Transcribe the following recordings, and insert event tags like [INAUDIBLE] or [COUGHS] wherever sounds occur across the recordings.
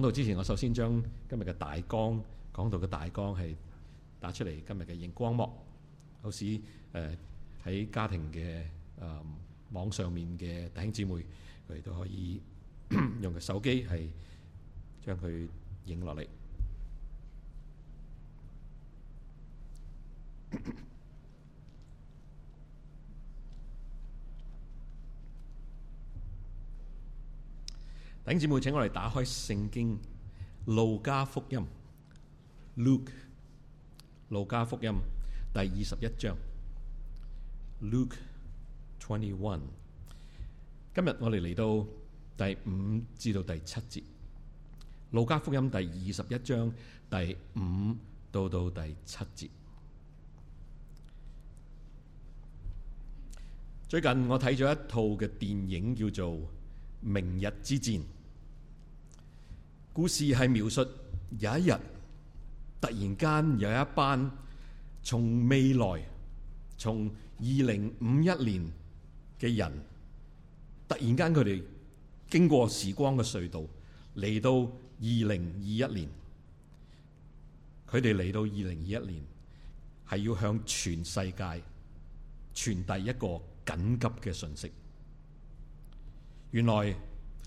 講到之前，我首先將今日嘅大綱，講到嘅大綱係打出嚟，今日嘅熒光幕，好似誒喺家庭嘅誒網上面嘅弟兄姊妹，佢哋都可以用個手機係將佢影落嚟。弟兄姐妹，請我嚟，打開聖經《路加福音》，Luke 音《路加福音》第二十一章，Luke twenty one。今日我哋嚟到第五至到第七節，《路加福音》第第二十一章第五到到第七節。最近我睇咗一套嘅電影，叫做《明日之戰》。故事係描述有一日，突然間有一班從未來、從二零五一年嘅人，突然間佢哋經過時光嘅隧道嚟到二零二一年。佢哋嚟到二零二一年，係要向全世界傳遞一個緊急嘅訊息。原來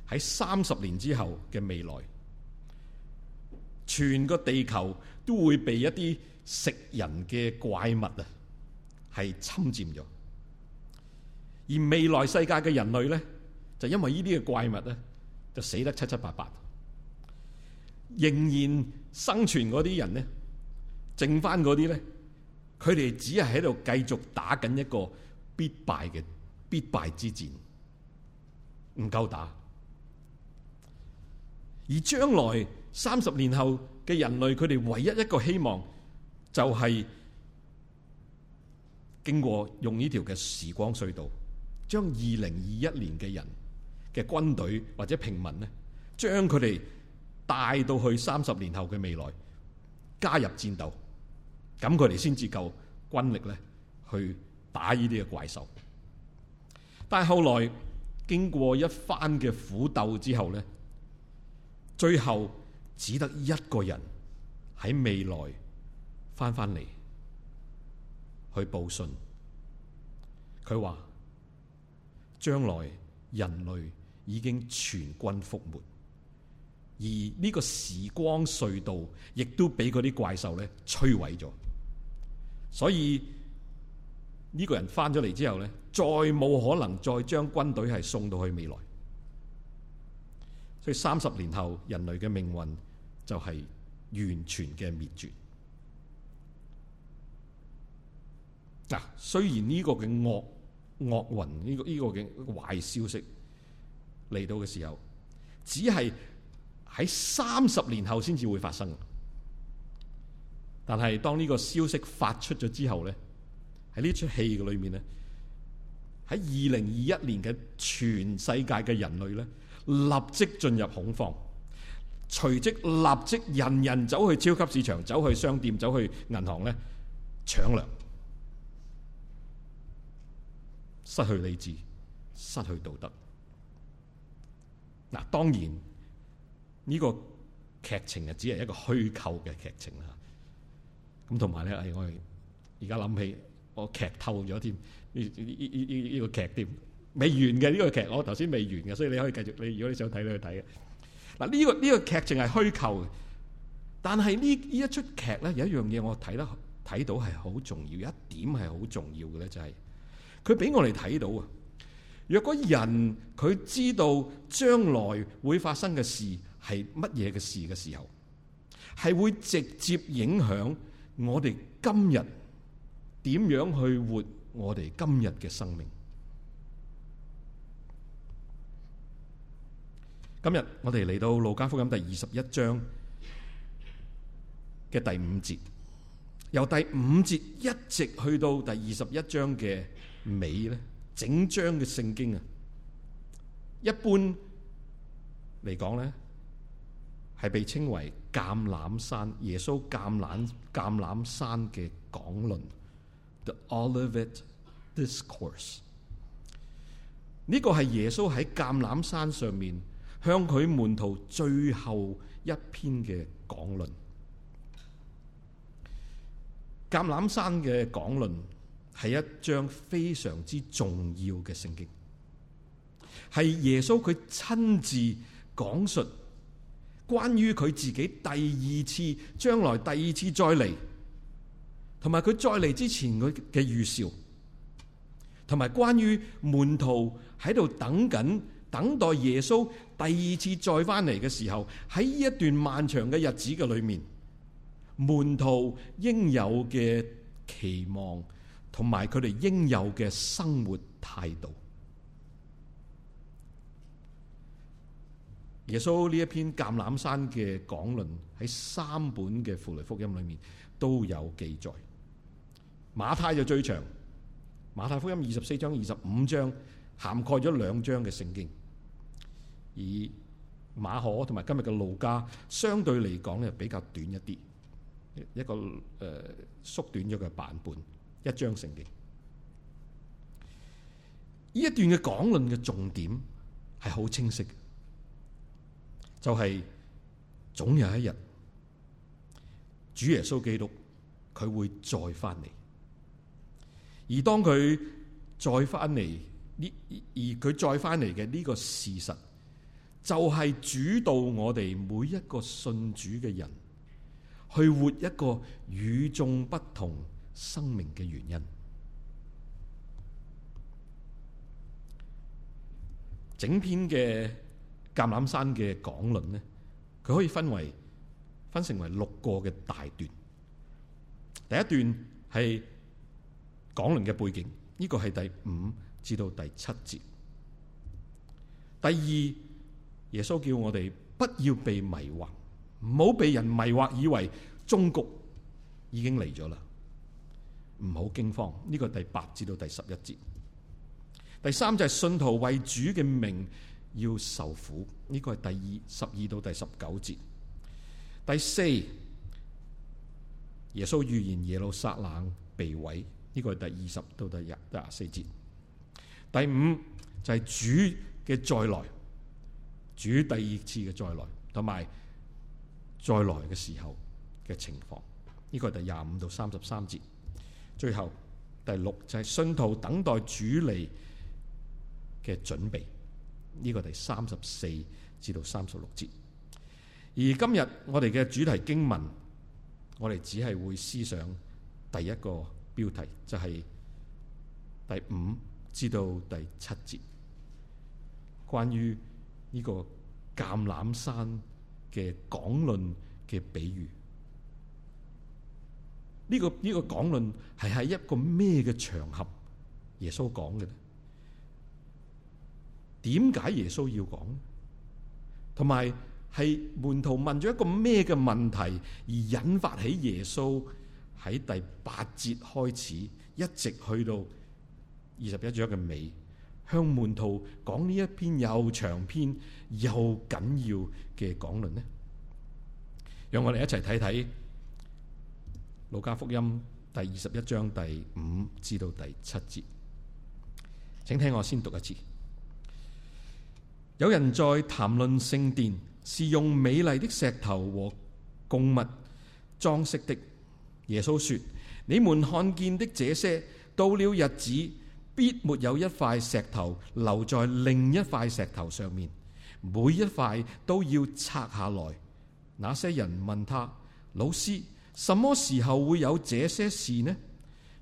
喺三十年之後嘅未來。全個地球都會被一啲食人嘅怪物啊，係侵占咗。而未來世界嘅人類咧，就因為呢啲嘅怪物咧，就死得七七八八。仍然生存嗰啲人呢，剩翻嗰啲咧，佢哋只係喺度繼續打緊一個必敗嘅必敗之戰，唔夠打。而將來三十年後嘅人類，佢哋唯一一個希望就係經過用呢條嘅時光隧道，將二零二一年嘅人嘅軍隊或者平民呢，將佢哋帶到去三十年後嘅未來加入戰鬥，咁佢哋先至夠軍力呢去打呢啲嘅怪獸。但後來經過一番嘅苦鬥之後呢，最後。只得一個人喺未來翻翻嚟，去報信。佢話將來人類已經全軍覆沒，而呢個時光隧道亦都俾嗰啲怪獸咧摧毀咗。所以呢個人翻咗嚟之後咧，再冇可能再將軍隊係送到去未來。所以三十年後人類嘅命運。就係、是、完全嘅滅絕。嗱，雖然呢個嘅惡惡魂呢個呢、呢個嘅壞消息嚟到嘅時候，只係喺三十年後先至會發生。但係當呢個消息發出咗之後咧，喺呢出戲嘅裏面咧，喺二零二一年嘅全世界嘅人類咧，立即進入恐慌。隨即立即人人走去超級市場，走去商店，走去銀行咧，搶糧，失去理智，失去道德。嗱，當然呢個劇情啊，只係一個虛構嘅劇情啦。咁同埋咧，唉，我哋而家諗起，我劇透咗添呢呢呢呢呢個劇添，未完嘅呢個劇，我頭先未完嘅，所以你可以繼續，你如果你想睇，你去睇嘅。嗱、呢、呢個呢、呢個劇情係虛構嘅，但係呢，呢一出劇咧，有一樣嘢我睇得睇到係好重要，有一點係好重要嘅咧，就係佢俾我哋睇到啊！若果人佢知道將來會發生嘅事係乜嘢嘅事嘅時候，係會直接影響我哋今日點樣去活我哋今日嘅生命。今日我哋嚟到《路加福音》第二十一章嘅第五節，由第五節一直去到第二十一章嘅尾咧，整章嘅聖經啊，一般嚟講咧係被稱為橄欖山耶穌橄欖橄欖山嘅講論。The Olivet Discourse 呢個係耶穌喺橄欖山上面。向佢門徒最後一篇嘅講論，橄欖山嘅講論係一章非常之重要嘅聖經，係耶穌佢親自講述關於佢自己第二次將來第二次再嚟，同埋佢再嚟之前佢嘅預兆，同埋關於門徒喺度等緊。等待耶穌第二次再翻嚟，嘅時候，喺一段漫長嘅日子嘅裏面，門徒應有嘅期望同埋佢哋應有嘅生活態度。耶穌呢一篇橄欖山嘅講論喺三本嘅符類福音裏面都有記載。馬太就最長，馬太福音二十四章二十五章涵蓋咗兩章嘅聖經。而馬可同埋今日嘅路加相對嚟講咧，比較短一啲，一個誒縮短咗嘅版本。一章聖經呢一段嘅講論嘅重點係好清晰嘅，就係、是、總有一日主耶穌基督佢會再翻嚟，而當佢再翻嚟呢，而佢再翻嚟嘅呢個事實。就係主導我哋每一個信主嘅人去活一個與眾不同生命嘅原因。整篇嘅橄欖山嘅講論呢，佢可以分為分成為六個嘅大段。第一段係講論嘅背景，呢個係第五至到第七節。第二。耶穌叫我哋不要被迷惑，唔好被人迷惑，以為終局已經嚟咗啦，唔好驚慌。呢、這個第八至到第十一節。第三就係信徒為主嘅命要受苦，呢、這個係第十二到第十九節。第四，耶穌預言耶路撒冷被毀，呢、這個係第二十到第廿廿四節。第五就係主嘅再來。主第二次嘅再來，同埋再來嘅時候嘅情況，呢、這個係第廿五到三十三節。最後第六就係、是、信徒等待主嚟嘅準備，呢、這個第三十四至到三十六節。而今日我哋嘅主題經文，我哋只係會思想第一個標題，就係、是、第五至到第七節，關於。呢、這個橄欖山嘅講論嘅比喻，呢、這個呢、這個講論係喺一個咩嘅場合耶穌講嘅咧？點解耶穌要講咧？同埋係門徒問咗一個咩嘅問題而引發起耶穌喺第八節開始一直去到二十一章嘅尾？向門徒講呢一篇又長篇又緊要嘅講論呢，讓我哋一齊睇睇《路加福音》第二十一章第五至到第七節，請聽我先讀一次。有人在談論聖殿是用美麗的石頭和供物裝飾的，耶穌說：你們看見的這些，到了日子。必沒有一塊石頭留在另一塊石頭上面，每一塊都要拆下來。那些人問他：老師，什麼時候會有這些事呢？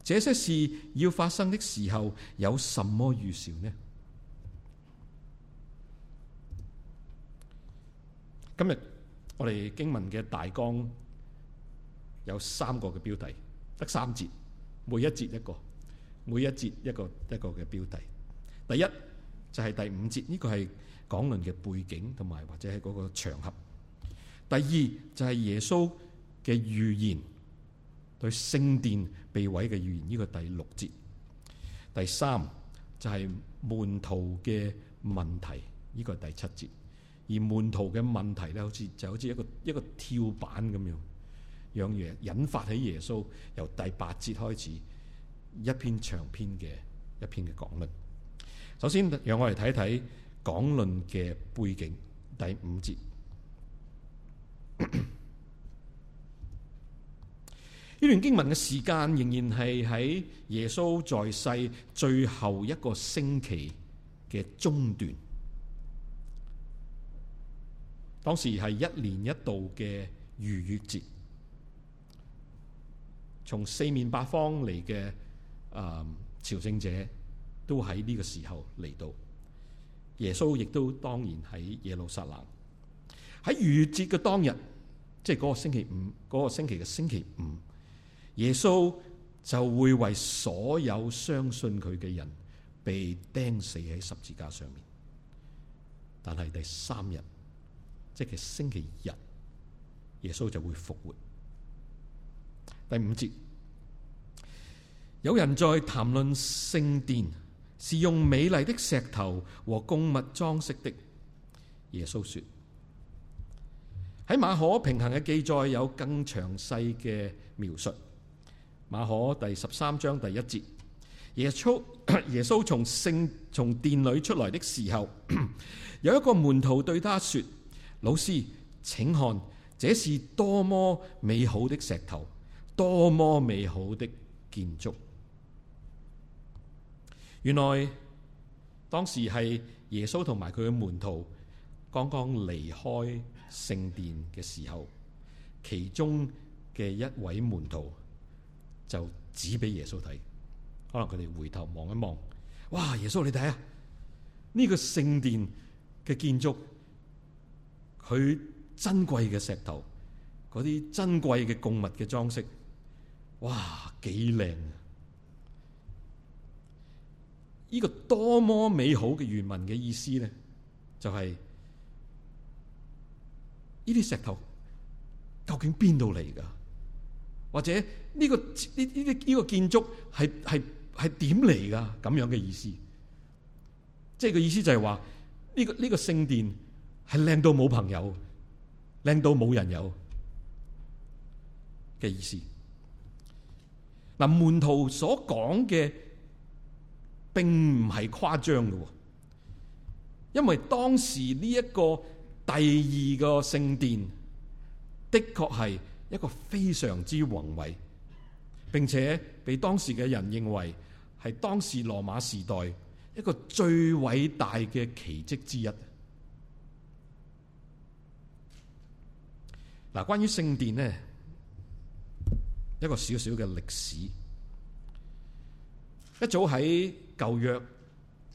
這些事要發生的時候，有什麼預兆呢？今日我哋經文嘅大綱有三個嘅標題，得三節，每一節一個。每一節一個一個嘅標題第一就係、是、第五節，呢、這個係講論嘅背景同埋或者係嗰個場合。第二就係、是、耶穌嘅預言對聖殿被毀嘅預言，呢、這個第六節。第三就係、是、門徒嘅問題，呢、這個係第七節。而門徒嘅問題咧，好似就好似一個一個跳板咁樣，讓耶引發起耶穌由第八節開始。一篇長篇嘅一篇嘅講論，首先讓我哋睇睇講論嘅背景，第五節呢 [COUGHS] 段經文嘅時間仍然係喺耶穌在世最後一個星期嘅中段，當時係一年一度嘅逾越節，從四面八方嚟嘅。啊，um，朝聖者都喺呢個時候嚟到，耶穌亦都當然喺耶路撒冷喺逾越節嘅當日，即係嗰個星期五，嗰個星期嘅星期五，耶穌就會為所有相信佢嘅人被釘死喺十字架上面。但係第三日，即係星期日，耶穌就會復活。第五節。有人在談論聖殿是用美麗的石頭和供物裝飾的。耶穌說：喺馬可平行嘅記載有更詳細嘅描述。馬可第十三章第一節，耶穌耶穌從聖從殿裏出來的時候，有一個門徒對他說：老師，請看，這是多麼美好的石頭，多麼美好的建築。原來當時係耶穌同埋佢嘅門徒剛剛離開聖殿嘅時候，其中嘅一位門徒就指俾耶穌睇，可能佢哋回頭望一望，哇！耶穌你睇下呢個聖殿嘅建築，佢珍貴嘅石頭，嗰啲珍貴嘅貢物嘅裝飾，哇，幾靚啊！呢個多麼美好嘅原文嘅意思咧，就是，就係呢啲石頭究竟邊度嚟噶？或者呢個呢呢啲呢個建築係係係點嚟噶？咁樣嘅意思，即係個意思就係話呢個呢個聖殿係靚到冇朋友，靚到冇人有嘅意思。嗱，門徒所講嘅。並唔係誇張嘅，因為當時呢一個第二個聖殿的確係一個非常之宏偉，並且被當時嘅人認為係當時羅馬時代一個最偉大嘅奇蹟之一。嗱，關於聖殿呢，一個少少嘅歷史，一早喺。舊約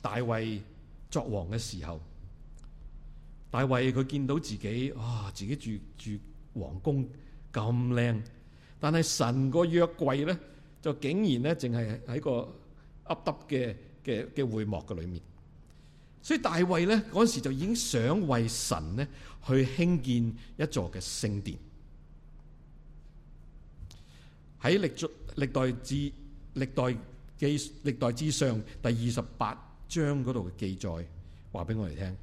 大衛作王嘅時候，大衛佢見到自己啊、哦，自己住住皇宮咁靚，但係神個約櫃咧，就竟然咧淨係喺個噏噏嘅嘅嘅會幕嘅裏面，所以大衛咧嗰時候就已經想為神咧去興建一座嘅聖殿，喺歷歷代志歷代。記歷代之上第二十八章嗰度嘅記載，話俾我哋聽，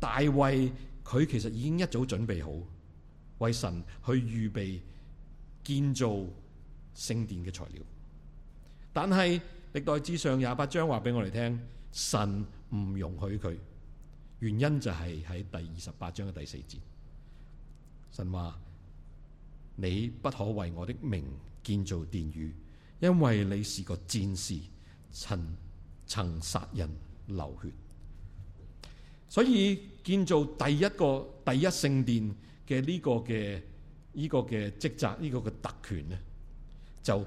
大衛佢其實已經一早準備好，為神去預備建造聖殿嘅材料。但係歷代之上廿八章話俾我哋聽，神唔容許佢，原因就係喺第二十八章嘅第四節，神話，你不可為我的名建造殿宇。因為你是個戰士，曾曾殺人流血，所以建造第一個第一聖殿嘅呢個嘅呢、這個嘅職責呢、這個嘅特權咧，就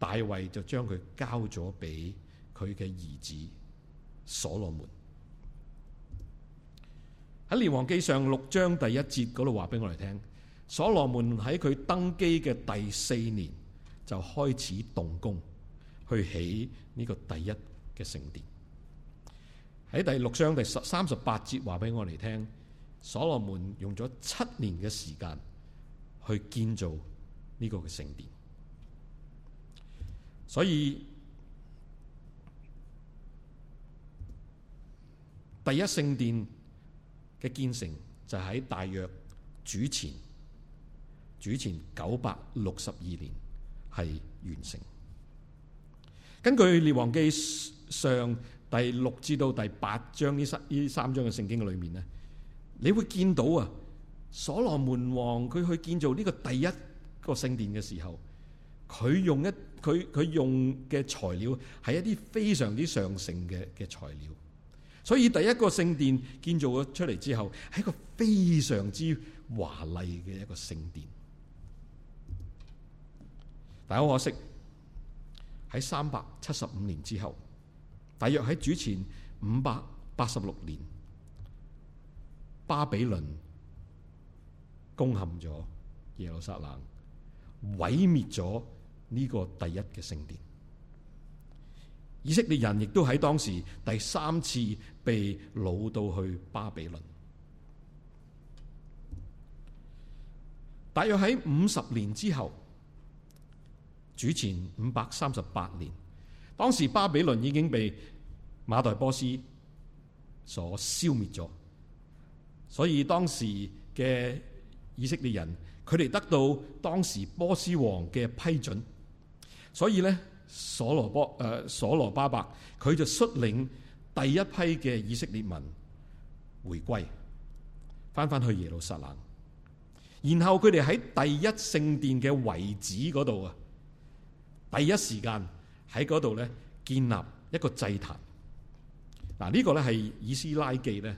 大衛就將佢交咗俾佢嘅兒子所羅門。喺《列王記上》六章第一節嗰度話俾我哋聽，所羅門喺佢登基嘅第四年。就開始動工去起呢個第一嘅聖殿。喺第六章第三十八節話俾我哋聽，所羅門用咗七年嘅時間去建造呢個嘅聖殿。所以第一聖殿嘅建成就喺大約主前主前九百六十二年，係完成。根據列王記上第六至到第八章呢三呢三章嘅聖經裏面咧，你會見到啊，所羅門王佢去建造呢個第一個聖殿嘅時候，佢用一佢佢用嘅材料係一啲非常之上乘嘅嘅材料，所以第一個聖殿建造咗出嚟之後，係一個非常之華麗嘅一個聖殿。但好可惜，喺三百七十五年之後，大約喺主前五百八十六年，巴比倫攻陷咗耶路撒冷，毀滅咗呢個第一嘅聖殿。以色列人亦都喺當時第三次被擄到去巴比倫。大約喺五十年之後。主前五百三十八年，當時巴比倫已經被馬代波斯所消滅咗，所以當時嘅以色列人，佢哋得到當時波斯王嘅批准，所以呢，所羅波誒、呃、所羅巴伯佢就率領第一批嘅以色列民回歸，返返去耶路撒冷，然後佢哋喺第一聖殿嘅遺址嗰度啊。第一時間喺嗰度咧，建立一個祭壇。嗱，呢個咧係以斯拉記咧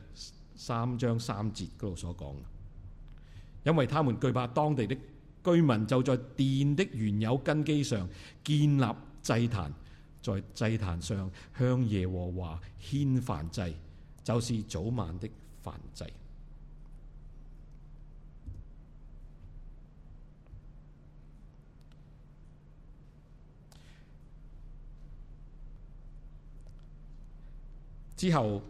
三章三節嗰度所講嘅，因為他們懼怕當地的居民，就在殿的原有根基上建立祭壇，在祭壇上向耶和華獻燔祭，就是早晚的燔祭。之後，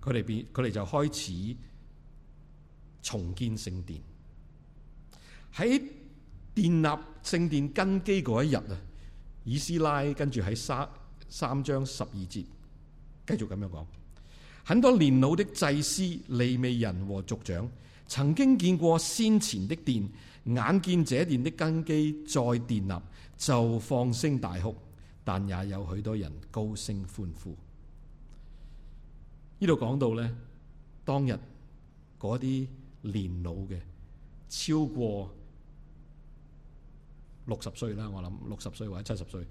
佢哋變，佢哋就開始重建聖殿。喺奠立聖殿根基嗰一日啊，以斯拉跟住喺三三章十二節，繼續咁樣講。很多年老的祭司、利未人和族長，曾經見過先前的殿，眼見這殿的根基再奠立，就放聲大哭；但也有許多人高聲歡呼。呢度講到咧，當日嗰啲年老嘅超過六十歲啦，我諗六十歲或者七十歲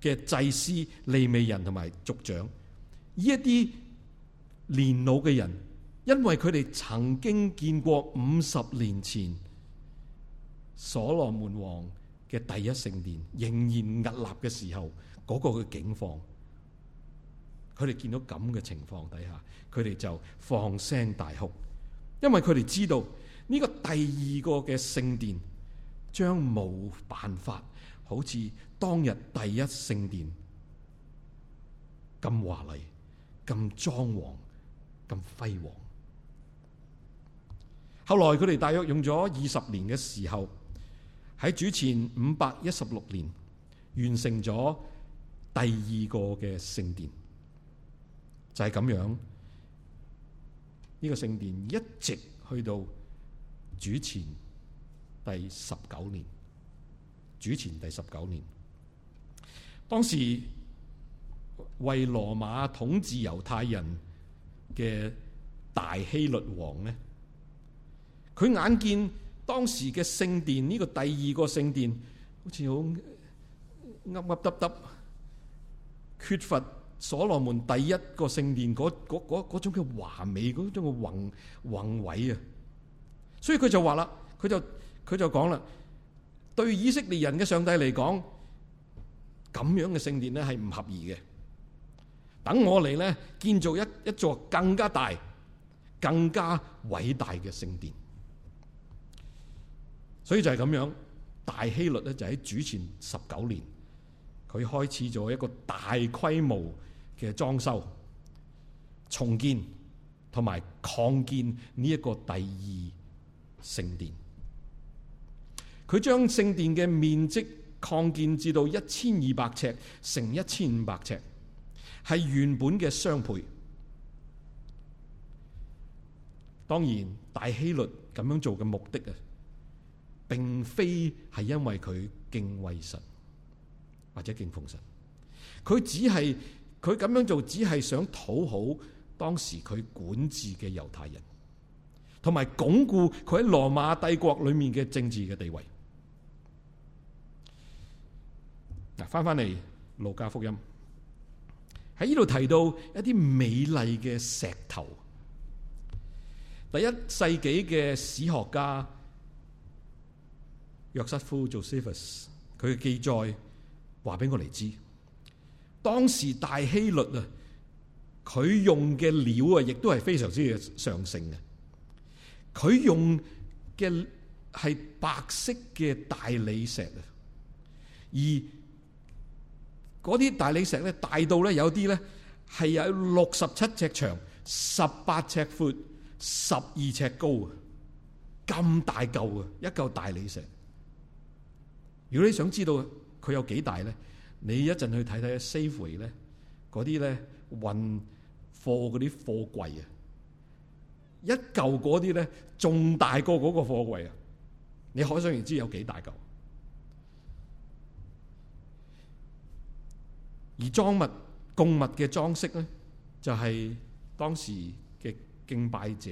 嘅祭司、利未人同埋族長，呢一啲年老嘅人，因為佢哋曾經見過五十年前所羅門王嘅第一聖殿仍然屹立嘅時候，嗰、嗰個嘅境況。佢哋見到咁嘅情況底下，佢哋就放聲大哭，因為佢哋知道呢個第二個嘅聖殿將冇辦法好似當日第一聖殿咁華麗、咁莊皇、咁輝煌。後來佢哋大約用咗二十年嘅時候，喺主前五百一十六年完成咗第二個嘅聖殿。就係、是、咁樣，呢、這個聖殿一直去到主前第十九年，主前第十九年，當時為羅馬統治猶太人嘅大希律王呢，佢眼見當時嘅聖殿呢、這個第二個聖殿好似好凹凹凸凸，缺乏。所羅門第一個聖殿嗰嗰種嘅華美，嗰種嘅宏宏偉啊，所以佢就話啦，佢就佢就講啦，對以色列人嘅上帝嚟講，咁樣嘅聖殿咧係唔合宜嘅，等我嚟咧建造，一一座更加大、更加偉大嘅聖殿。所以就係咁樣，大希律咧就喺主前十九年，佢開始咗一個大規模。嘅裝修、重建同埋擴建呢一個第二聖殿，佢將聖殿嘅面積擴建至到一千二百尺乘一千五百尺，係原本嘅雙倍。當然，大希律咁樣做嘅目的啊，並非係因為佢敬畏神或者敬奉神，佢只係。佢咁樣做只係想討好當時佢管治嘅猶太人，同埋鞏固佢喺羅馬帝國裏面嘅政治嘅地位。嗱，翻翻嚟路加福音喺呢度提到一啲美麗嘅石頭。第一世紀嘅史學家約瑟夫 Josephus，佢嘅記載話俾我哋知。當時大希律啊，佢用嘅料啊，亦都係非常之上乘嘅。佢用嘅係白色嘅大理石啊，而嗰啲大理石咧大到咧有啲咧係有六十七尺長、十八尺闊、十二尺高啊，咁大嚿啊，一嚿大理石。如果你想知道佢有幾大咧？你一陣去睇睇 Safeway 咧，嗰啲咧運貨嗰啲貨櫃啊，一嚿嗰啲咧仲大過嗰個貨櫃啊！你可想而知有幾大嚿。而裝物供物嘅裝飾咧，就係當時嘅敬拜者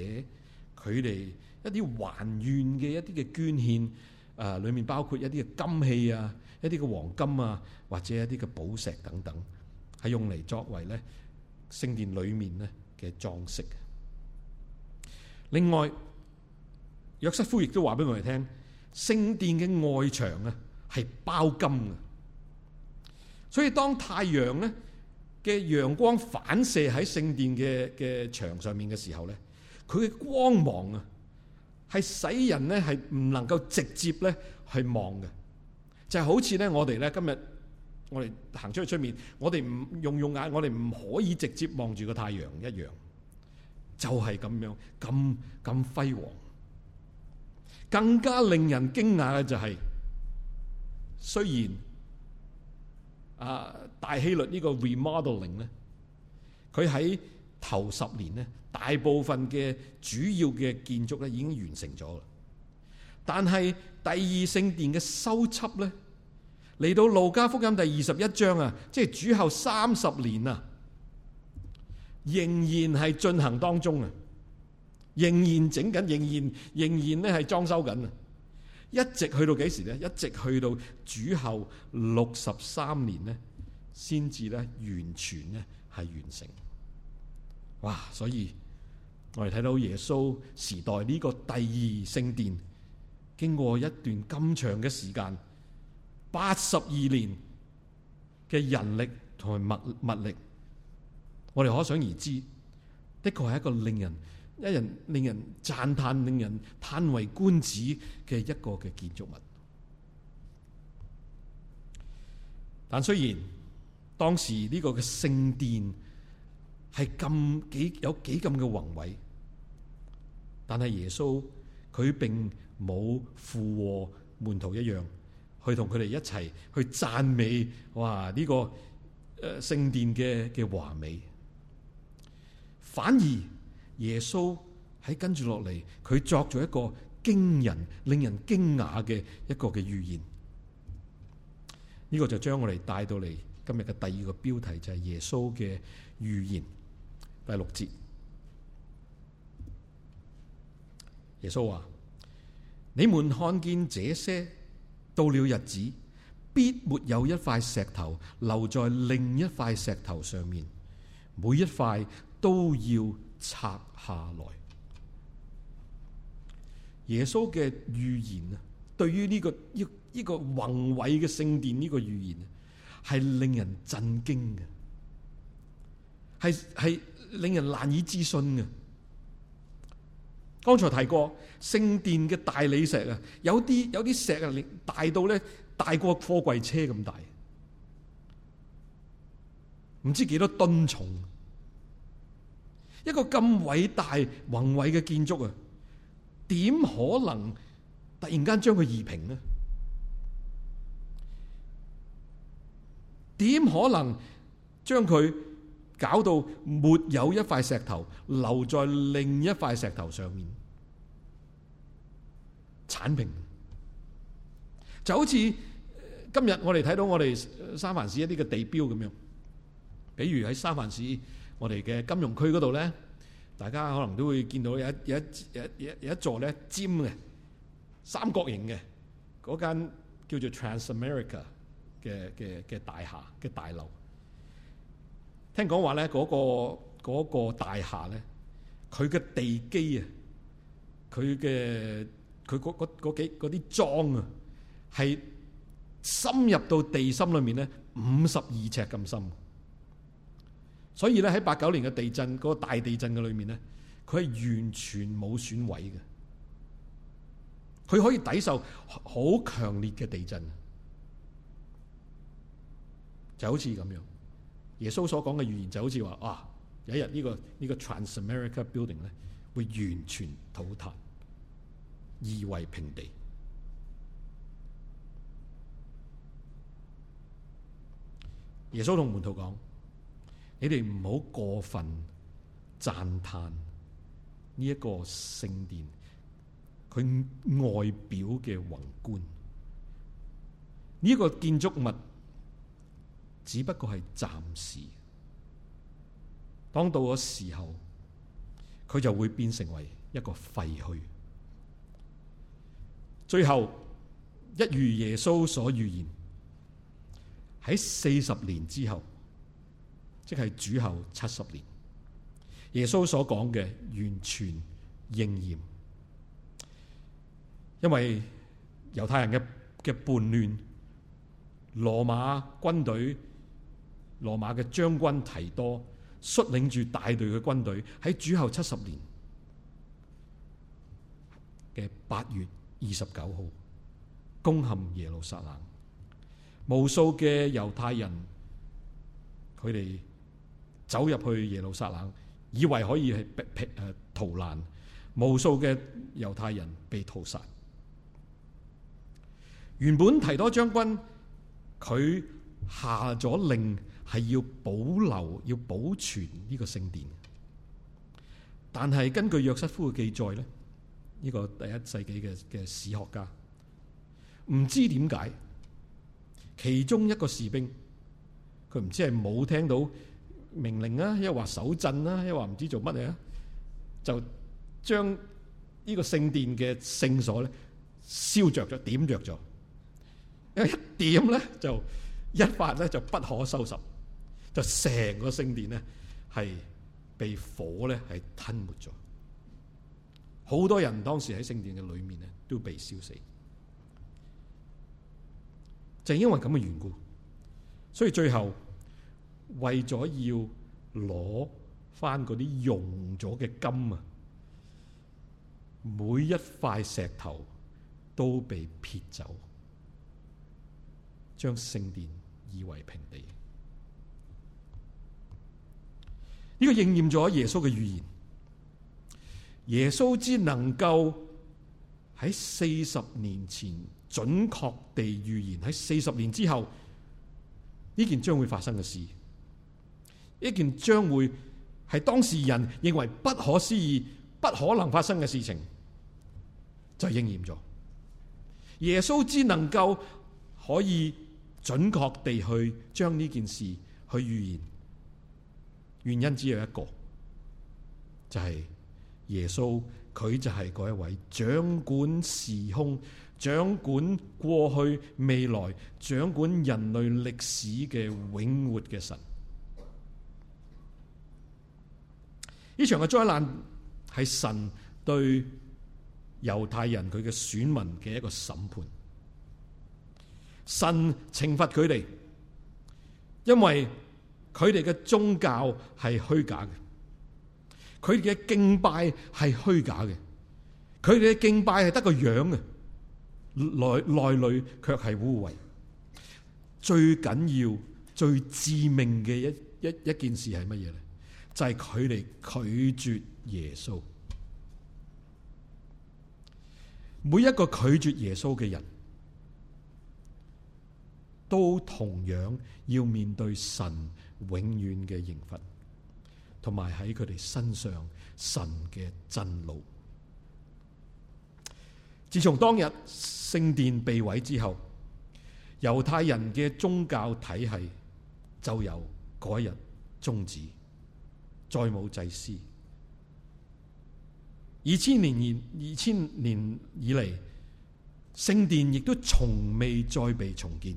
佢哋一啲還願嘅一啲嘅捐獻，誒，裡面包括一啲嘅金器啊。一啲嘅黃金啊，或者一啲嘅寶石等等，係用嚟作為咧聖殿裏面咧嘅裝飾。另外，約瑟夫亦都話俾我哋聽，聖殿嘅外牆啊係包金嘅，所以當太陽咧嘅陽光反射喺聖殿嘅嘅牆上面嘅時候咧，佢嘅光芒啊係使人咧係唔能夠直接咧去望嘅。就是，好似咧，我哋咧今日，我哋行出去出面，我哋唔用用眼，我哋唔可以直接望住個太陽一樣，就係、是、咁樣咁咁輝煌。更加令人驚訝嘅就係、是，雖然啊大希律呢個 remodeling 咧，佢喺頭十年咧，大部分嘅主要嘅建築咧已經完成咗啦，但係。第二聖殿嘅修葺咧，嚟到路加福音第二十一章啊，即係主後三十年啊，仍然係進行當中啊，仍然在整緊，仍然仍然咧係裝修緊啊，一直去到幾時咧？一直去到主後六十三年呢，先至咧完全呢係完成。哇！所以我哋睇到耶穌時代呢個第二聖殿。經過一段咁長嘅時間，八十二年嘅人力同埋物物力，我哋可想而知，的確係一個令人一人令人讚嘆、令人嘆為觀止嘅一個嘅建築物。但雖然當時呢個嘅聖殿係咁幾有幾咁嘅宏偉，但係耶穌佢並冇附和門徒一樣去同佢哋一齊去讚美哇呢個、呃、聖殿嘅嘅華美，反而耶穌喺跟住落嚟，佢作咗一個驚人、令人驚訝嘅一個嘅預言。呢個就將我哋帶到嚟今日嘅第二個標題，就係耶穌嘅預言第六節。耶穌話。你們看見這些，到了日子，必沒有一塊石頭留在另一塊石頭上面，每一塊都要拆下來。耶穌嘅預言啊，對於呢個呢，呢個宏偉嘅聖殿呢個預言啊，係令人震驚嘅，係，係令人難以置信嘅。剛才提過聖殿嘅大理石啊，有啲有啲石啊，大到咧大過貨櫃車咁大，唔知幾多噸重。一個咁偉大宏偉嘅建築啊，點可能突然間將佢移平呢？點可能將佢？搞到沒有一塊石頭留在另一塊石頭上面，鏟平。就好似、呃、今日我哋睇到我哋三藩市一啲嘅地標咁樣，比如喺三藩市我哋嘅金融區度咧，大家可能都會見到有一有一有一有一，有一座咧尖嘅三角形嘅間叫做 Transamerica 嘅嘅嘅大廈嘅大樓。聽講話咧，嗰個嗰個大廈咧，佢嘅地基啊，佢嘅佢嗰嗰幾啲樁啊，係深入到地心裏面咧，五十二尺咁深。所以咧喺八九年嘅地震，嗰個大地震嘅裏面咧，佢係完全冇損毀嘅，佢可以抵受好強烈嘅地震，就好似咁樣。耶穌所講嘅預言就好似話，啊，有一日呢、這個呢、這個 Transamerica Building 咧，會完全倒塌，夷為平地。耶穌同門徒講：你哋唔好過分讚嘆呢一個聖殿佢外表嘅宏觀，呢、這個建築物。只不過係暫時，當到個時候，佢就會變成為一個廢墟。最後，一如耶穌所預言，喺四十年之後，即係主後七十年，耶穌所講嘅完全應驗，因為猶太人嘅嘅叛亂、羅馬軍隊。羅馬嘅將軍提多率領住大隊嘅軍隊喺主後七十年嘅八月二十九號攻陷耶路撒冷，無數嘅猶太人佢哋走入去耶路撒冷，以為可以係避避誒逃難，無數嘅猶太人被屠殺。原本提多將軍佢下咗令。係要保留、要保存呢個聖殿，但係根據約瑟夫嘅記載咧，呢、這個第一世紀嘅嘅史學家唔知點解，其中一個士兵佢唔知係冇聽到命令啊，一話手震啦，一話唔知做乜嘢啊，就將呢個聖殿嘅聖所咧燒着咗、點着咗。因為一點咧就一發咧就不可收拾。就成個聖殿呢，係被火呢係吞沒咗，好多人當時喺聖殿嘅裏面呢，都被燒死，正、就是、因為咁嘅緣故，所以最後為咗要攞返嗰啲溶咗嘅金啊，每一塊石頭都被撇走，將聖殿夷為平地。呢個應驗咗耶穌嘅預言，耶穌只能夠喺四十年前準確地預言喺四十年之後呢件將會發生嘅事，呢件將會係當事人認為不可思議、不可能發生嘅事情，就應驗咗。耶穌只能夠可以準確地去將呢件事去預言。原因只有一個，就係、是、耶穌佢就係嗰一位掌管時空、掌管過去、未來、掌管人類歷史嘅永活嘅神。呢場嘅災難係神對猶太人佢嘅選民嘅一個審判，神懲罰佢哋，因為。佢哋嘅宗教係虛假嘅，佢哋嘅敬拜係虛假嘅，佢哋嘅敬拜係得個樣嘅，內內裏卻係污穢。最緊要、最致命嘅一一一件事係乜嘢咧？就係佢哋拒絕耶穌。每一個拒絕耶穌嘅人，都同樣要面對神。永遠嘅刑罰，同埋喺佢哋身上神嘅震怒。自從當日聖殿被毀之後，猶太人嘅宗教體系就由嗰一日終止，再冇祭司。二千年，二千年以嚟，聖殿亦都從未再被重建。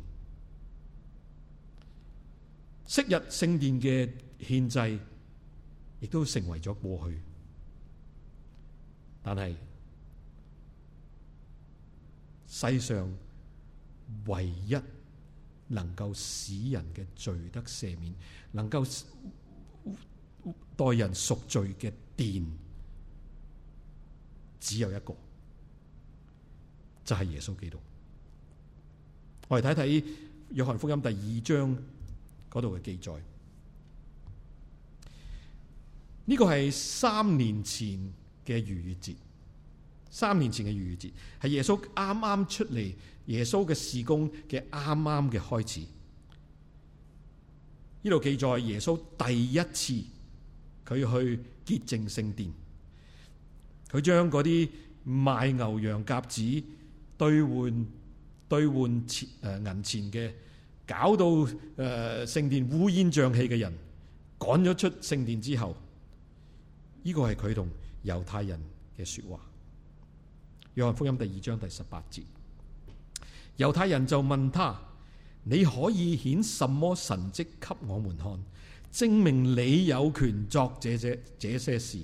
昔日聖殿嘅獻祭，亦都成為咗過去。但係世上唯一能夠使人嘅罪得赦免、能夠代人贖罪嘅殿，只有一個，就係耶穌基督。我哋睇睇約翰福音第二章。嗰度嘅記載，呢、這個係三年前嘅逾越節，三年前嘅逾越節係耶穌啱啱出嚟，耶穌嘅事工嘅啱啱嘅開始。呢度記載耶穌第一次佢去潔淨聖殿，佢將嗰啲賣牛羊鴿子、兌換兌換錢誒銀、呃、錢嘅。搞到誒、呃、聖殿烏煙瘴氣嘅人趕咗出聖殿之後，呢、呢個係佢同猶太人嘅説話。約翰福音第二章第十八節，猶太人就問他：你可以顯什麼神跡給我們看，證明你有權作這些這些事？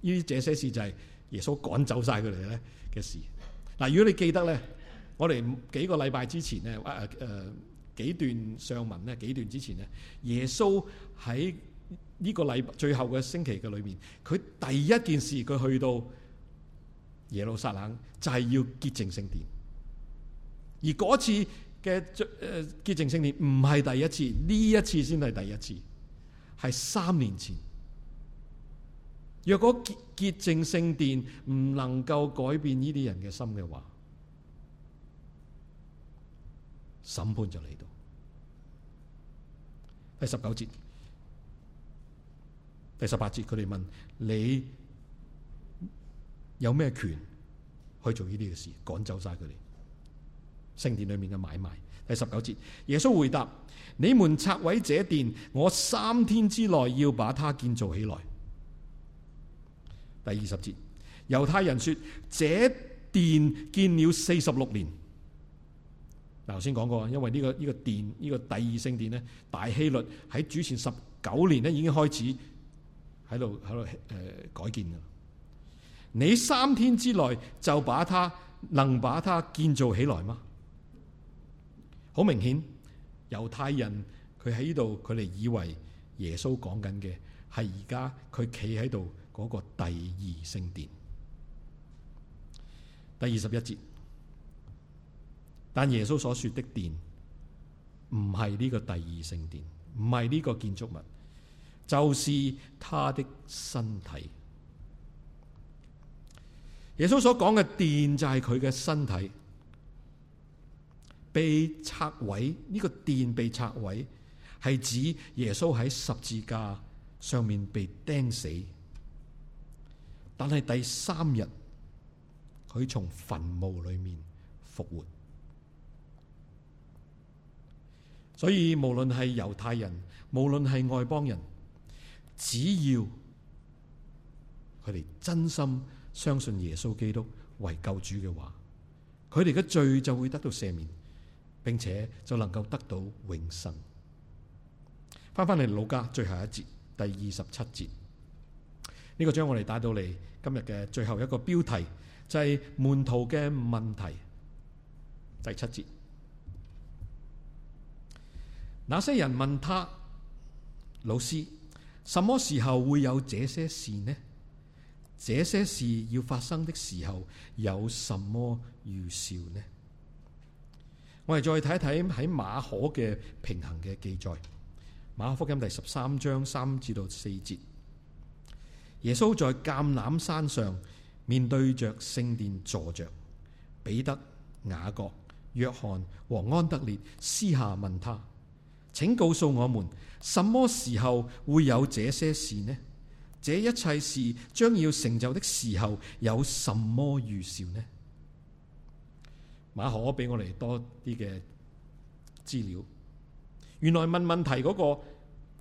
呢啲這些事就係耶穌趕走晒佢哋咧嘅事。嗱、呃，如果你記得咧，我哋幾個禮拜之前咧誒誒。呃呃幾段上文咧，幾段之前咧，耶穌喺呢個禮拜最後嘅星期嘅裏面，佢第一件事，佢去到耶路撒冷就係要潔淨聖殿，而嗰次嘅潔潔淨聖殿唔係第一次，呢一次先係第一次，係三年前。若果潔淨聖殿唔能夠改變呢啲人嘅心嘅話，審判就嚟到。第十九節、第十八節，佢哋問，你有咩權去做呢啲嘅事？趕走晒佢哋聖殿裏面嘅買賣。第十九節，耶穌回答，你們拆毀這殿，我三天之內要把它建造起來。第二十節，猶太人說，這殿建了四十六年。頭先講過，因為呢個呢個殿呢個第二聖殿咧，大希律喺主前十九年咧已經開始喺度喺度誒改建噶。你三天之內就把它能把它建造起來嗎？好明顯，猶太人佢喺呢度，佢哋以為耶穌講緊嘅係而家佢企喺度嗰個第二聖殿。第二十一節。但耶穌所說的殿，唔係呢個第二聖殿，唔係呢個建築物，就是他的身體。耶穌所講嘅殿就係佢嘅身體被拆毀，呢、這個殿被拆毀係指耶穌喺十字架上面被釘死，但係第三日佢從墳墓裏面復活。所以，無論係猶太人，無論係外邦人，只要佢哋真心相信耶穌基督為救主嘅話，佢哋嘅罪就會得到赦免，並且就能夠得到永生。翻翻嚟老家最後一節，第二十七節，呢、這個將我哋帶到嚟今日嘅最後一個標題就係、是、門徒嘅問題，第七節。那些人問他，老師，什麼時候會有這些事呢？這些事要發生的時候，有什麼預兆呢？我哋再睇睇喺馬可嘅平行嘅記載，馬可福音第十三章三至到四節，耶穌在橄欖山上面對着聖殿坐着，彼得、雅各、約翰和安德烈私下問他。請告訴我們，什麼時候會有這些事呢？這一切事將要成就的時候，有什麼預兆呢？馬可俾我哋多啲嘅資料。原來問問題嗰個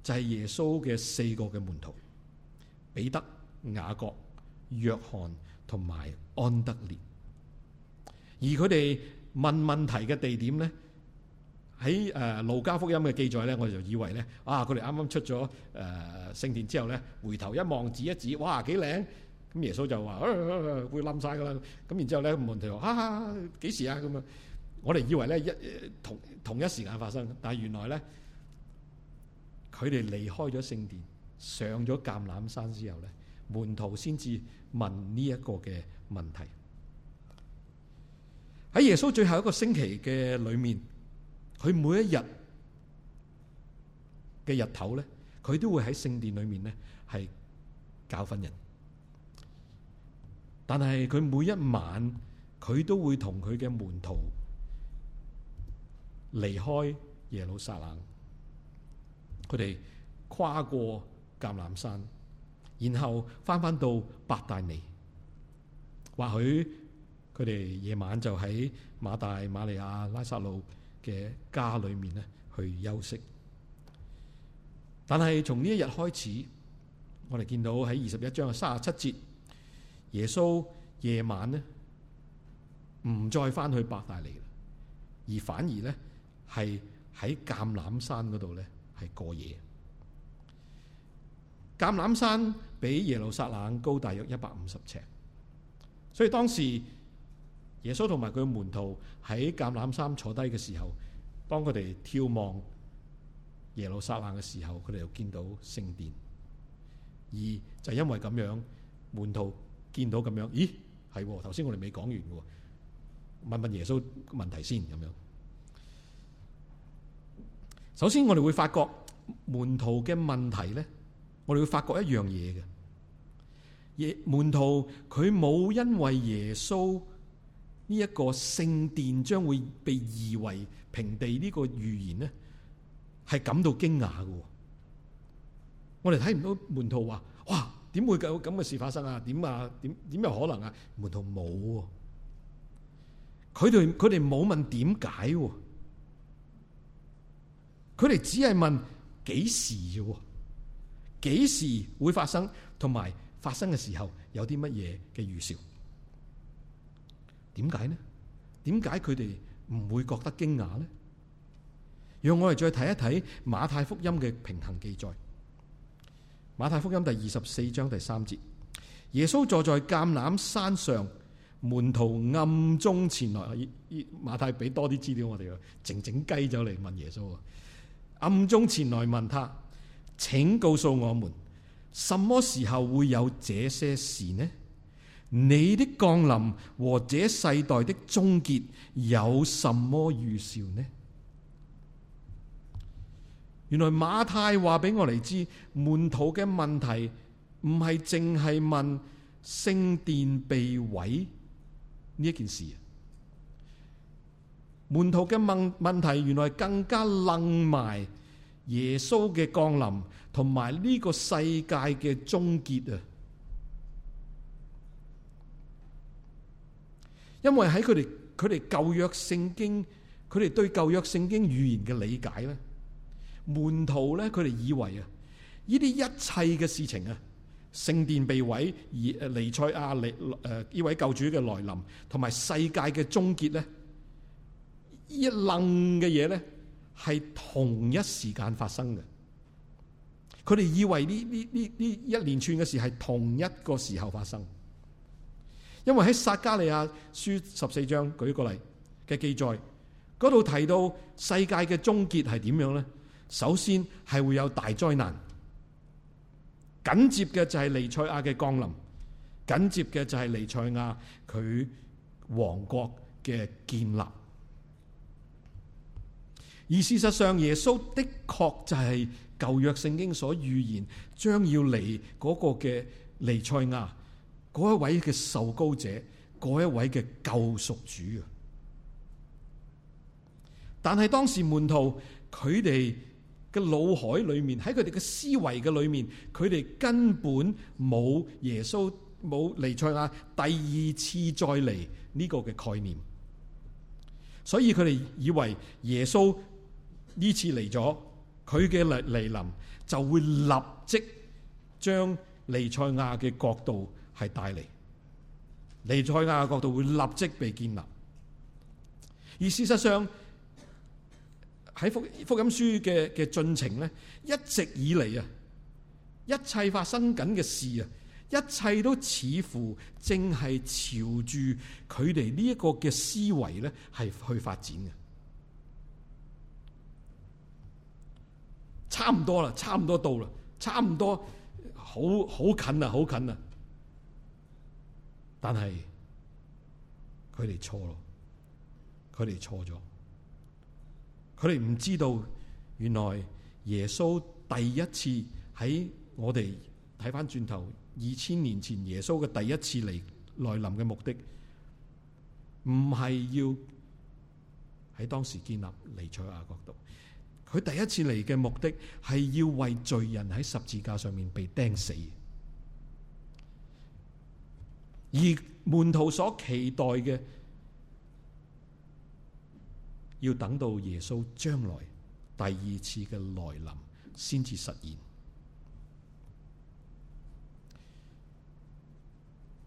就係耶穌嘅四個嘅門徒：彼得、雅各、約翰同埋安德烈。而佢哋問問題嘅地點呢？喺誒路加福音嘅記載咧，我就以為咧，啊佢哋啱啱出咗誒、呃、聖殿之後咧，回頭一望指一指，哇幾靚！咁耶穌就話、啊啊，會冧晒噶啦。咁然之後咧，門徒就話：哈、啊，幾時啊？咁啊，我哋以為咧一同同一時間發生，但係原來咧，佢哋離開咗聖殿，上咗橄欖山之後咧，門徒先至問呢一個嘅問題。喺耶穌最後一個星期嘅裏面。佢每一日嘅日頭咧，佢都會喺聖殿裏面咧係教訓人。但係佢每一晚，佢都會同佢嘅門徒離開耶路撒冷，佢哋跨過橄欖山，然後返返到伯大尼。或許佢哋夜晚就喺馬大、馬利亞、拉撒路。嘅家裏面咧去休息，但係從呢一日開始，我哋見到喺二十一章嘅三十七節，耶穌夜晚咧唔再翻去伯大尼，而反而咧係喺橄欖山嗰度咧係過夜。橄欖山比耶路撒冷高大約一百五十尺，所以當時。耶穌同埋佢門徒喺橄欖山坐低嘅時候，當佢哋眺望耶路撒冷嘅時候，佢哋又見到聖殿。而就因為咁樣，門徒見到咁樣，咦？係頭先我哋未講完嘅，問問耶穌問題先咁樣。首先我哋會發覺門徒嘅問題咧，我哋會發覺一樣嘢嘅，亦門徒佢冇因為耶穌。呢一個聖殿將會被夷為平地呢個預言咧，係感到驚訝嘅。我哋睇唔到門徒話：，哇，點會有咁嘅事發生啊？點啊？點點有可能啊？門徒冇，佢哋佢哋冇問點解，佢哋只係問幾時，幾時會發生，同埋發生嘅時候有啲乜嘢嘅預兆。點解呢？點解佢哋唔會覺得驚訝呢？讓我哋再睇一睇馬太福音嘅平行記載。馬太福音第二十四章第三節，耶穌坐在橄欖山上，門徒暗中前來。馬太俾多啲資料我哋，靜靜雞走嚟問耶穌：暗中前來問他，請告訴我們，什麼時候會有這些事呢？你的降臨和這世代的終結有什麼預兆呢？原來馬太話俾我哋知，門徒嘅問題唔係淨係問聖殿被毀呢一件事啊，門徒嘅問問題原來更加連埋耶穌嘅降臨同埋呢個世界嘅終結啊！因為喺佢哋佢哋舊約聖經，佢哋對舊約聖經語言嘅理解咧，門徒咧佢哋以為這啊，呢啲一切嘅事情啊，聖殿被毀而尼塞亞尼誒呢位救主嘅來臨，同埋世界嘅終結咧，一輪嘅嘢咧係同一時間發生嘅。佢哋以為呢呢呢呢一連串嘅事係同一個時候發生。因為喺撒加利亞書十四章舉個例嘅記載，嗰度提到世界嘅終結係點樣呢？首先係會有大災難，緊接嘅就係彌賽亞嘅降臨，緊接嘅就係彌賽亞佢王國嘅建立。而事實上，耶穌的確就係舊約聖經所預言將要嚟嗰個嘅彌賽亞。嗰一位嘅受膏者，嗰一位嘅救贖主啊！但係當時門徒佢哋嘅腦海裏面，喺佢哋嘅思維嘅裏面，佢哋根本冇耶穌冇尼賽亞第二次再嚟呢個嘅概念，所以佢哋以為耶穌呢次嚟咗，佢嘅嚟來臨就會立即將尼賽亞嘅國度。係帶嚟，彌賽亞國度會立即被建立。而事實上喺福福音書嘅嘅進程咧，一直以嚟啊，一切發生緊嘅事啊，一切都似乎正係朝住佢哋呢一個嘅思維咧，係去發展嘅。差唔多啦，差唔多到啦，差唔多，好好近啦，好近啦。但係佢哋錯咯，佢哋錯咗，佢哋唔知道原來耶穌第一次，喺我哋睇返轉頭，二千年前耶穌嘅第一次嚟來，來臨嘅目的，唔係要喺當時建立彌賽亞國度，佢第一次嚟嘅目的係要為罪人喺十字架上面被釘死。而門徒所期待嘅，要等到耶穌將來第二次嘅來臨先至實現。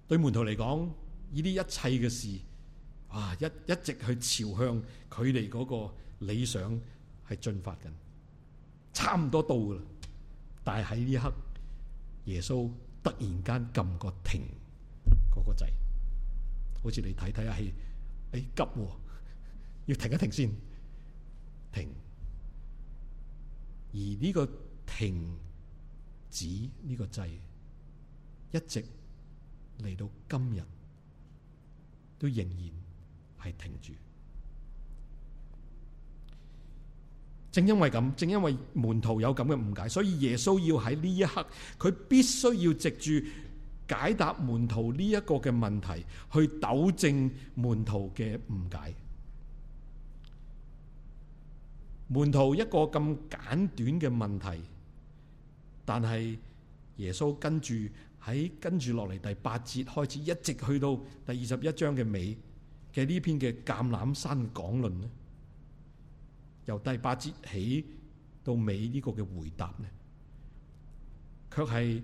對門徒嚟講，呢啲一切嘅事，哇一一直去朝向佢哋嗰個理想係進發緊，差唔多到啦。但係喺呢一刻，耶穌突然間撳個停。嗰、那個掣，好似你睇睇、哎、啊，係誒急，要停一停先，停。而呢個停止呢、這個掣，一直嚟到今日，都仍然係停住。正因為咁，正因為門徒有咁嘅誤解，所以耶穌要喺呢一刻，佢必須要藉住。解答門徒呢一個嘅問題，去糾正門徒嘅誤解。門徒一個咁簡短嘅問題，但係耶穌跟住喺跟住落嚟第八節開始，一直去到第二十一章嘅尾嘅呢篇嘅橄欖山講論咧，由第八節起到尾呢個嘅回答咧，卻係。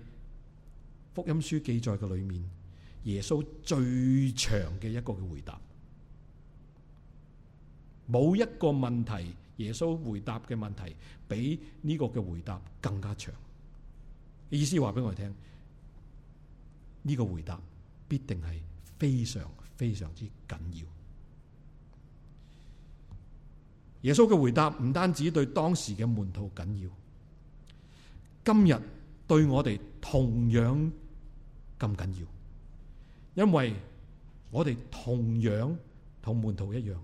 福音書記載嘅裏面，耶穌最長嘅一個嘅回答，冇一個問題耶穌回答嘅問題比呢個嘅回答更加長。意思話俾我哋聽，呢個回答必定係非常非常之緊要。耶穌嘅回答唔單止對當時嘅門徒緊要，今日對我哋同樣咁緊要，因為我哋同樣同門徒一樣，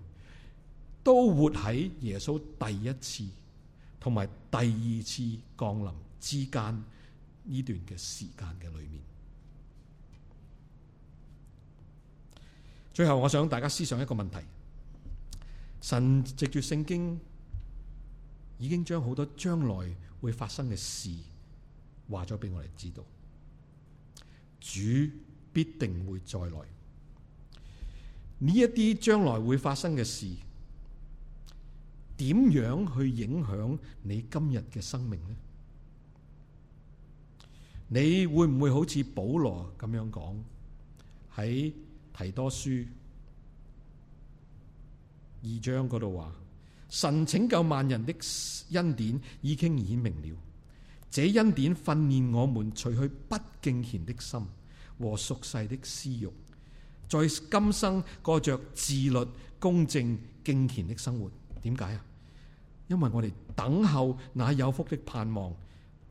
都活喺耶穌第一次同埋第二次降臨之間呢段嘅時間嘅裏面。最後，我想大家思想一個問題：神藉住聖經已經將好多將來會發生嘅事話咗畀我哋知道。主必定會再來。呢一啲將來會發生嘅事，點樣去影響你今日嘅生命呢？你會唔會好似保羅咁樣講，喺提多書二章嗰度話神拯救萬人的恩典已經顯明了？這恩典訓練我們除去不敬虔的心和俗世的私欲，在今生過着自律、公正、敬虔的生活。點解啊？因為我哋等候那有福的盼望，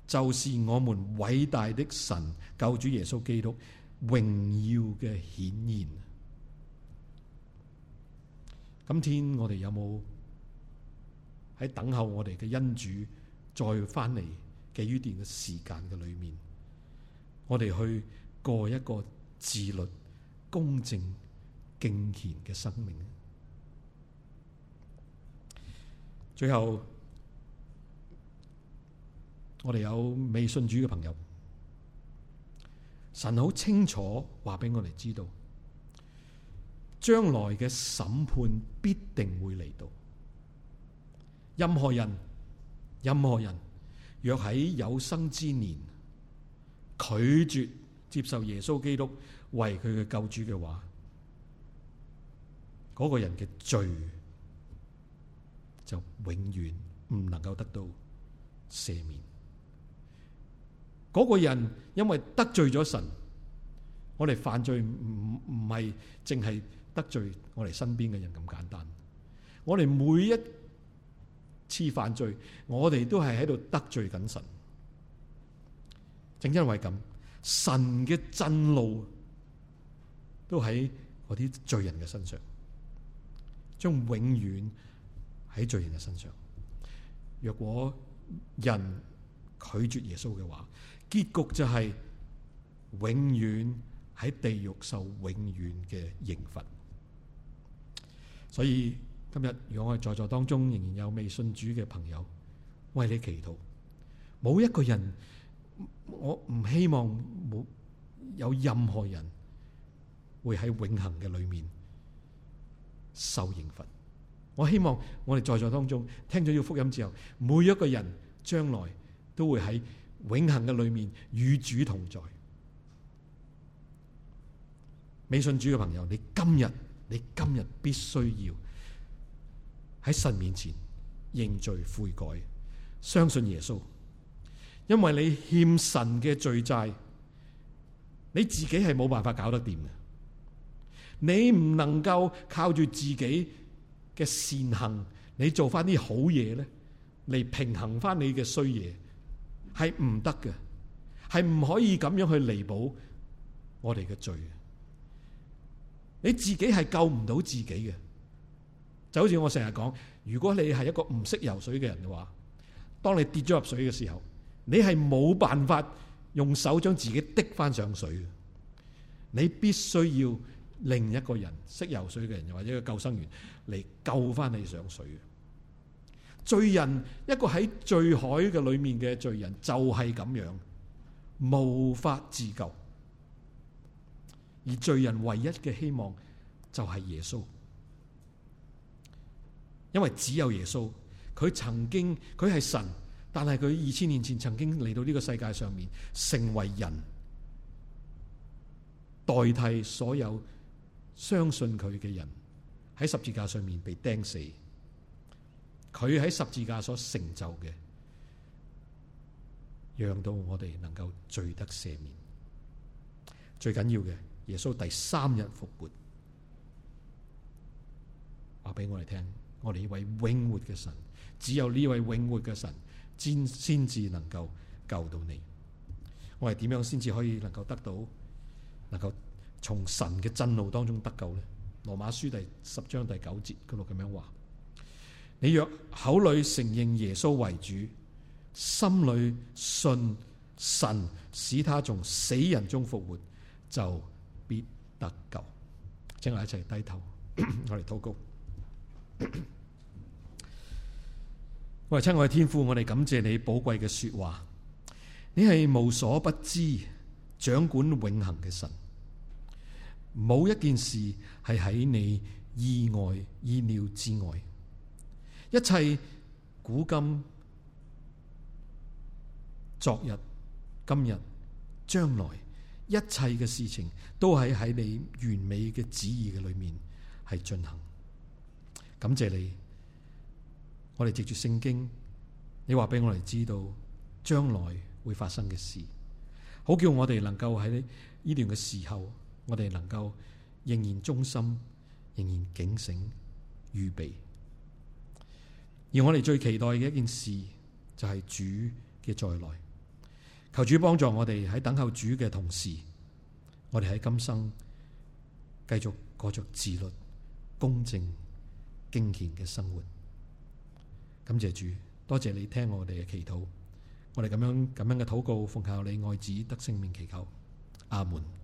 就是我們偉大的神、救主耶穌基督榮耀嘅顯現。今天我哋有冇喺等候我哋嘅恩主再翻嚟？給予段嘅時間嘅裏面，我哋去過一個自律、公正、敬虔嘅生命。最後，我哋有未信主嘅朋友，神好清楚話俾我哋知道，將來嘅審判必定會嚟到，任何人，任何人。若喺有生之年拒絕接受耶穌基督為佢嘅救主嘅話，嗰個人嘅罪就永遠唔能夠得到赦免。嗰個人因為得罪咗神，我哋犯罪唔唔係淨係得罪我哋身邊嘅人咁簡單，我哋每一。黐犯罪，我哋都係喺度得罪緊神。正因為咁，神嘅震怒都喺嗰啲罪人嘅身上，將永遠喺罪人嘅身上。若果人拒絕耶穌嘅話，結局就係永遠喺地獄受永遠嘅刑罰。所以。今日如果我哋在座當中，仍然有未信主嘅朋友，為你祈禱，冇一個人，我唔希望冇有任何人會喺永恒嘅裏面受刑罰。我希望我哋在座當中聽咗呢個福音之後，每一個人將來都會喺永恒嘅裏面與主同在。未信主嘅朋友，你今日你今日必須要。喺神面前認罪悔改，相信耶穌，因為你欠神嘅罪債，你自己係冇辦法搞得掂嘅。你唔能夠靠住自己嘅善行，你做翻啲好嘢咧，嚟平衡翻你嘅衰嘢，係唔得嘅，係唔可以咁樣去彌補我哋嘅罪嘅。你自己係救唔到自己嘅。就好似我成日講，如果你係一個唔識游水嘅人嘅話，當你跌咗入水嘅時候，你係冇辦法用手將自己滴翻上水。你必須要另一個人識游水嘅人，又或者一個救生員嚟救翻你上水。罪人一個喺罪海嘅裏面嘅罪人就係咁樣，無法自救，而罪人唯一嘅希望就係耶穌。因為只有耶穌，佢曾經佢係神，但係佢二千年前曾經嚟到呢個世界上面，成為人，代替所有相信佢嘅人喺十字架上面被釘死。佢喺十字架所成就嘅，讓到我哋能夠罪得赦免。最緊要嘅，耶穌第三日復活，話俾我哋聽。我哋呢位永活嘅神，只有呢位永活嘅神，先先至能夠救到你。我哋點樣先至可以能夠得到，能夠從神嘅震怒當中得救呢？羅馬書第十章第九節嗰度咁樣話：你若口裏承認耶穌為主，心裏信神使他從死人中復活，就必得救。請我一齊低頭，咳咳我哋禱告。喂，親愛的天父，我哋感謝你寶貴嘅說話。你係無所不知、掌管永恆嘅神，冇一件事係喺你意外、意料之外。一切古今、昨日、今日、將來，一切嘅事情都係喺你完美嘅旨意嘅裏面係進行。感謝你。我哋藉住聖經，你話俾我哋知道將來會發生嘅事，好叫我哋能夠喺呢段嘅時候，我哋能夠仍然忠心，仍然警醒預備。而我哋最期待嘅一件事，就係、是、主嘅再來。求主幫助我哋喺等候主嘅同時，我哋喺今生繼續過着自律、公正、敬虔嘅生活。感謝主，多謝你聽我哋嘅祈禱，我哋咁樣咁樣嘅禱告奉靠你愛子得勝名祈求，阿門。